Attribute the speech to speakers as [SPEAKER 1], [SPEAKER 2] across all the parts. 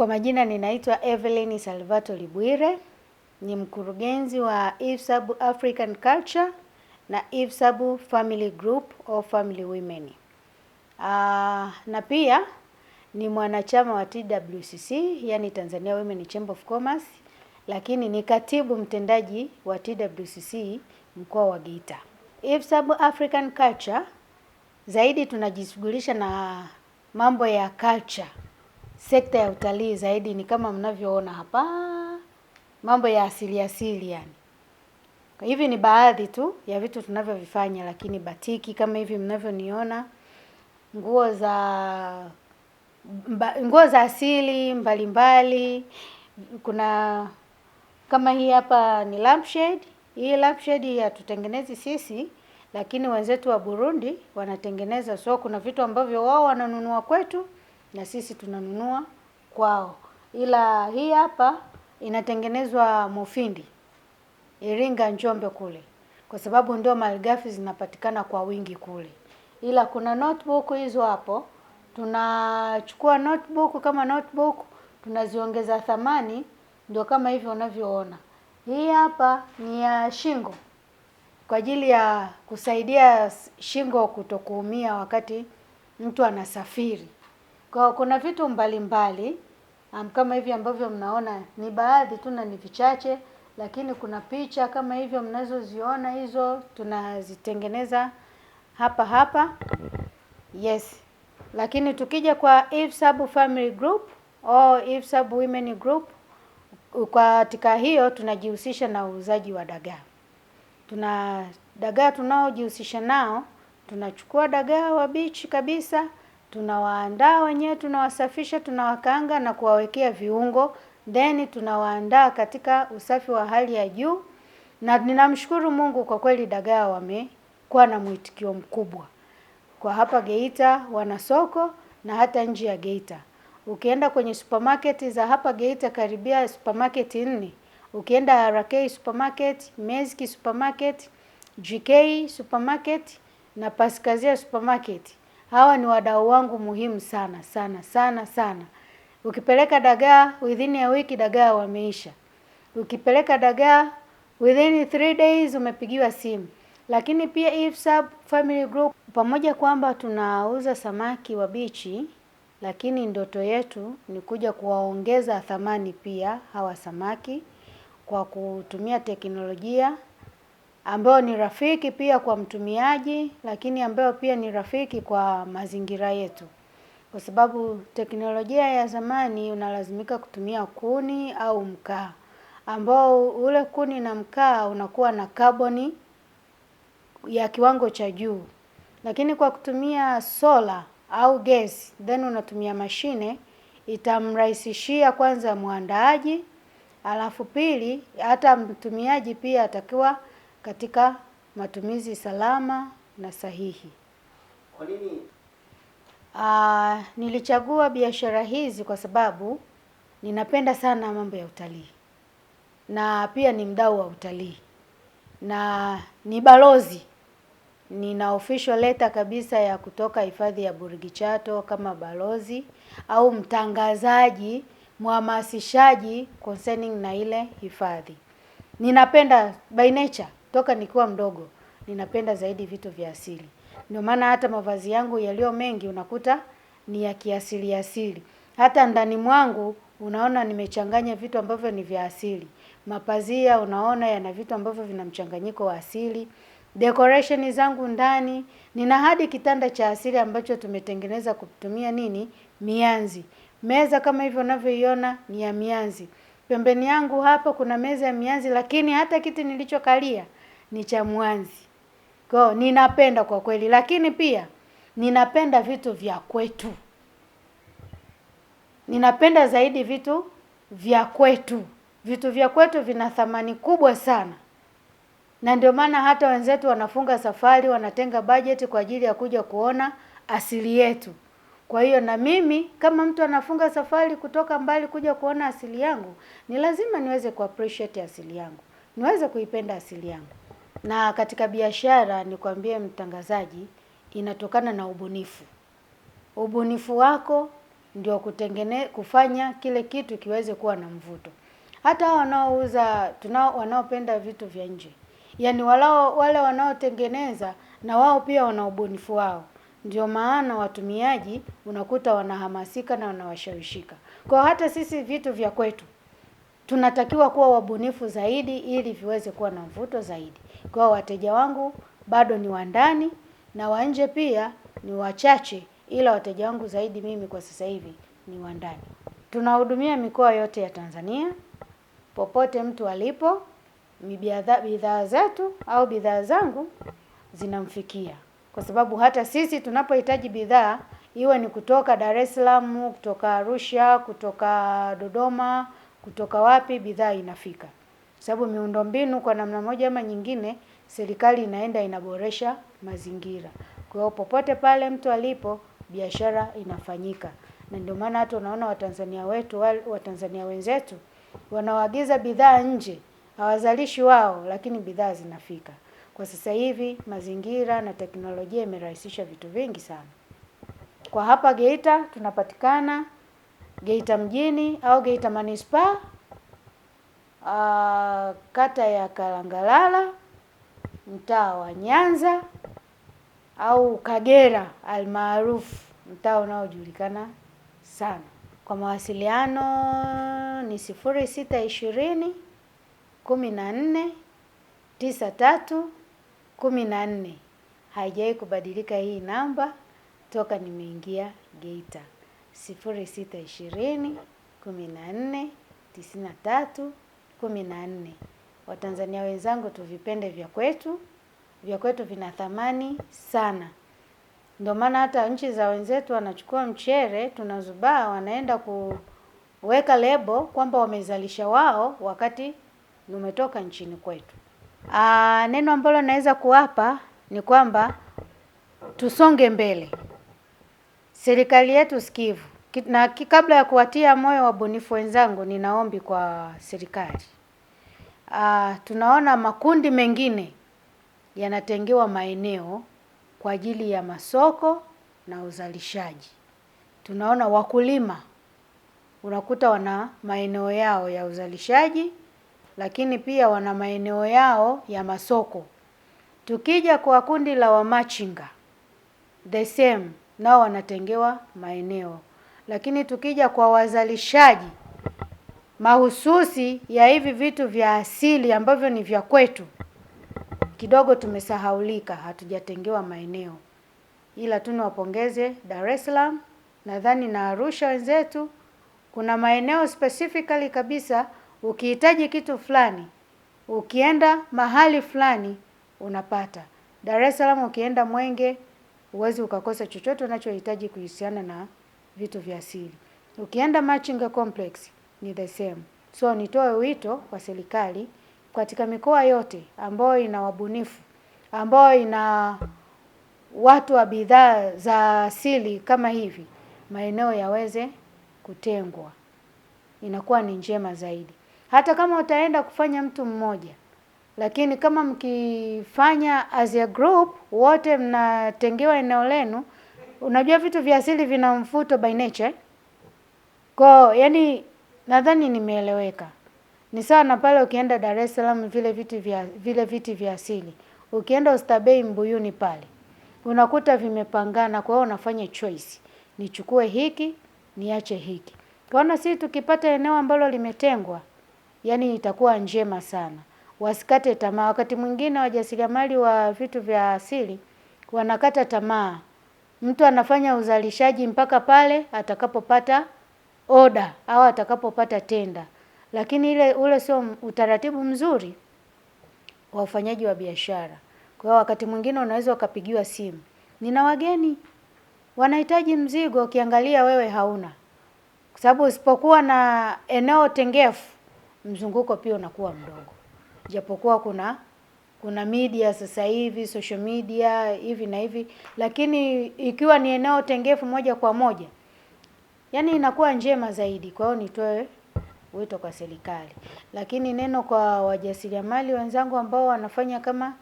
[SPEAKER 1] Kwa majina ninaitwa Evelyn Salvatori Bwire, ni mkurugenzi wa IFSAB African Culture na IFSAB Family Group of Family Women. Uh, na pia ni mwanachama wa TWCC, yani Tanzania Women Chamber of Commerce, lakini ni katibu mtendaji wa TWCC mkoa wa Geita. IFSAB African Culture zaidi tunajishughulisha na mambo ya culture sekta ya utalii zaidi ni kama mnavyoona hapa, mambo ya asili asili yani. Hivi ni baadhi tu ya vitu tunavyovifanya, lakini batiki kama hivi mnavyoniona, nguo za mba, nguo za asili mbalimbali mbali. Kuna kama hii hapa ni lampshade. Hii lampshade hatutengenezi sisi, lakini wenzetu wa Burundi wanatengeneza, so kuna vitu ambavyo wao wananunua kwetu na sisi tunanunua kwao, ila hii hapa inatengenezwa Mufindi, Iringa, Njombe kule, kwa sababu ndio malighafi zinapatikana kwa wingi kule. Ila kuna notebook hizo hapo, tunachukua notebook kama notebook tunaziongeza thamani, ndio kama hivyo unavyoona. Hii hapa ni ya shingo kwa ajili ya kusaidia shingo kutokuumia wakati mtu anasafiri. Kwa kuna vitu mbalimbali um, kama hivi ambavyo mnaona ni baadhi tu na ni vichache, lakini kuna picha kama hivyo mnazoziona hizo tunazitengeneza hapa hapa. Yes. Lakini tukija kwa If Sub Family Group au If Sub Women Group, katika hiyo tunajihusisha na uuzaji wa dagaa. Tuna dagaa tunaojihusisha nao, tunachukua dagaa wa bichi kabisa tunawaandaa wenyewe, tunawasafisha, tunawakaanga na kuwawekea viungo, then tunawaandaa katika usafi wa hali ya juu, na ninamshukuru Mungu kwa kweli, dagaa wamekuwa na mwitikio mkubwa kwa hapa Geita, wana soko na hata nje ya Geita. Ukienda kwenye supermarket za hapa Geita karibia supermarket nne. Ukienda RK supermarket, Mezik supermarket, GK supermarket na Paskazia supermarket hawa ni wadau wangu muhimu sana sana sana sana. Ukipeleka dagaa within a week dagaa wameisha. Ukipeleka dagaa within three days umepigiwa simu. Lakini pia If Sub Family Group, pamoja kwamba tunauza samaki wa bichi, lakini ndoto yetu ni kuja kuwaongeza thamani pia hawa samaki kwa kutumia teknolojia ambayo ni rafiki pia kwa mtumiaji, lakini ambayo pia ni rafiki kwa mazingira yetu, kwa sababu teknolojia ya zamani unalazimika kutumia kuni au mkaa, ambao ule kuni na mkaa unakuwa na kaboni ya kiwango cha juu, lakini kwa kutumia sola au gesi, then unatumia mashine, itamrahisishia kwanza mwandaaji, alafu pili hata mtumiaji pia atakiwa katika matumizi salama na sahihi. Kwa nini? Aa, ah, nilichagua biashara hizi kwa sababu ninapenda sana mambo ya utalii na pia ni mdau wa utalii na ni balozi, nina official letter kabisa ya kutoka hifadhi ya Burigi-Chato kama balozi au mtangazaji mhamasishaji concerning na ile hifadhi. Ninapenda by nature Toka nikiwa mdogo ninapenda zaidi vitu vya asili. Ndio maana hata mavazi yangu yaliyo mengi unakuta ni ya kiasili asili. Hata ndani mwangu unaona nimechanganya vitu ambavyo ni vya asili. Mapazia unaona yana vitu ambavyo vina mchanganyiko wa asili. Decoration zangu ndani nina hadi kitanda cha asili ambacho tumetengeneza kutumia nini? Mianzi. Meza kama hivyo unavyoiona ni ya mianzi. Pembeni yangu hapa kuna meza ya mianzi lakini hata kiti nilichokalia ni cha Mwanzi. Kwa ninapenda kwa kweli, lakini pia ninapenda vitu vya kwetu. Ninapenda zaidi vitu vya kwetu. Vitu vya kwetu vina thamani kubwa sana, na ndio maana hata wenzetu wanafunga safari, wanatenga bajeti kwa ajili ya kuja kuona asili yetu. Kwa hiyo na mimi kama mtu anafunga safari kutoka mbali kuja kuona asili yangu, ni lazima niweze ku appreciate asili yangu, niweze kuipenda asili yangu. Na katika biashara nikwambie mtangazaji, inatokana na ubunifu. Ubunifu wako ndio kutengene kufanya kile kitu kiweze kuwa na mvuto. Hata wanaouza tunao wanaopenda vitu vya nje. Yaani walao wale wanaotengeneza na wao pia wana ubunifu wao. Ndio maana watumiaji unakuta wanahamasika na wanawashawishika. Kwa hata sisi vitu vya kwetu tunatakiwa kuwa wabunifu zaidi ili viweze kuwa na mvuto zaidi. Kwa wateja wangu bado ni wa ndani na wa nje pia ni wachache ila wateja wangu zaidi mimi kwa sasa hivi ni wa ndani. Tunahudumia mikoa yote ya Tanzania, popote mtu alipo, bidhaa zetu au bidhaa zangu zinamfikia. Kwa sababu hata sisi tunapohitaji bidhaa, iwe ni kutoka Dar es Salaam, kutoka Arusha, kutoka Dodoma, kutoka wapi bidhaa inafika sababu miundombinu kwa namna moja ama nyingine serikali inaenda inaboresha mazingira. Kwa hiyo popote pale mtu alipo biashara inafanyika, na ndio maana hata unaona Watanzania wetu Watanzania wenzetu wanaoagiza bidhaa nje hawazalishi wao, lakini bidhaa zinafika. Kwa sasa hivi mazingira na teknolojia imerahisisha vitu vingi sana. Kwa hapa Geita tunapatikana Geita mjini au Geita manispaa uh, kata ya Kalangalala mtaa wa Nyanza au Kagera almaarufu mtaa unaojulikana sana. Kwa mawasiliano ni sifuri sita ishirini kumi na nne tisa tatu kumi na nne. Haijawai kubadilika hii namba toka nimeingia Geita, sifuri sita ishirini kumi na nne tisini na tatu kumi na nne. Watanzania wenzangu, tuvipende vya kwetu, vya kwetu vina thamani sana. Ndio maana hata nchi za wenzetu wanachukua mchere tunazubaa, wanaenda kuweka lebo kwamba wamezalisha wao, wakati umetoka nchini kwetu. Aa, neno ambalo naweza kuwapa ni kwamba tusonge mbele, serikali yetu sikivu na kabla ya kuwatia moyo wabunifu wenzangu, nina ombi kwa serikali. Uh, tunaona makundi mengine yanatengewa maeneo kwa ajili ya masoko na uzalishaji. Tunaona wakulima unakuta wana maeneo yao ya uzalishaji, lakini pia wana maeneo yao ya masoko. Tukija kwa kundi la wamachinga the same, nao wanatengewa maeneo lakini tukija kwa wazalishaji mahususi ya hivi vitu vya asili ambavyo ni vya kwetu, kidogo tumesahaulika, hatujatengewa maeneo, ila tu niwapongeze Dar es Salaam nadhani na Arusha wenzetu, kuna maeneo specifically kabisa, ukihitaji kitu fulani ukienda mahali fulani unapata. Dar es Salaam ukienda Mwenge huwezi ukakosa chochote unachohitaji kuhusiana na vitu vya asili. Ukienda Machinga Complex ni the same. So nitoe wito kwa serikali katika mikoa yote ambayo ina wabunifu, ambayo ina watu wa bidhaa za asili kama hivi, maeneo yaweze kutengwa, inakuwa ni njema zaidi. Hata kama utaenda kufanya mtu mmoja, lakini kama mkifanya as a group, wote mnatengewa eneo lenu unajua vitu vya asili vina mvuto by nature. Kwa yani, nadhani nimeeleweka. Ni sawa na pale ukienda Dar es Salaam vile viti vya vile viti vya asili, ukienda Oysterbay Mbuyuni pale unakuta vimepangana. Kwa hiyo unafanya choice, nichukue hiki niache hiki. Kaona sisi tukipata eneo ambalo limetengwa, yani itakuwa njema sana, wasikate tamaa. Wakati mwingine wajasiriamali wa vitu vya asili wanakata tamaa Mtu anafanya uzalishaji mpaka pale atakapopata oda au atakapopata tenda, lakini ile ule sio utaratibu mzuri wa ufanyaji wa biashara. Kwa hiyo wakati mwingine unaweza ukapigiwa simu, nina wageni wanahitaji mzigo, ukiangalia wewe hauna, kwa sababu usipokuwa na eneo tengefu, mzunguko pia unakuwa mdogo, japokuwa kuna kuna media sasa hivi social media hivi na hivi, lakini ikiwa ni eneo tengefu moja kwa moja, yani inakuwa njema zaidi. Kwa hiyo nitoe wito kwa serikali, lakini neno kwa wajasiriamali wenzangu ambao wanafanya kama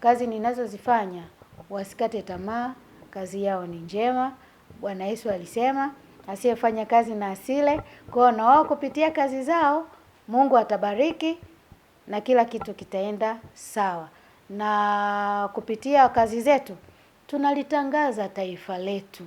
[SPEAKER 1] kazi ninazozifanya, wasikate tamaa, kazi yao ni njema. Bwana Yesu alisema asiyefanya kazi na asile. Kwa hiyo na wao kupitia kazi zao Mungu atabariki na kila kitu kitaenda sawa. Na kupitia kazi zetu tunalitangaza taifa letu.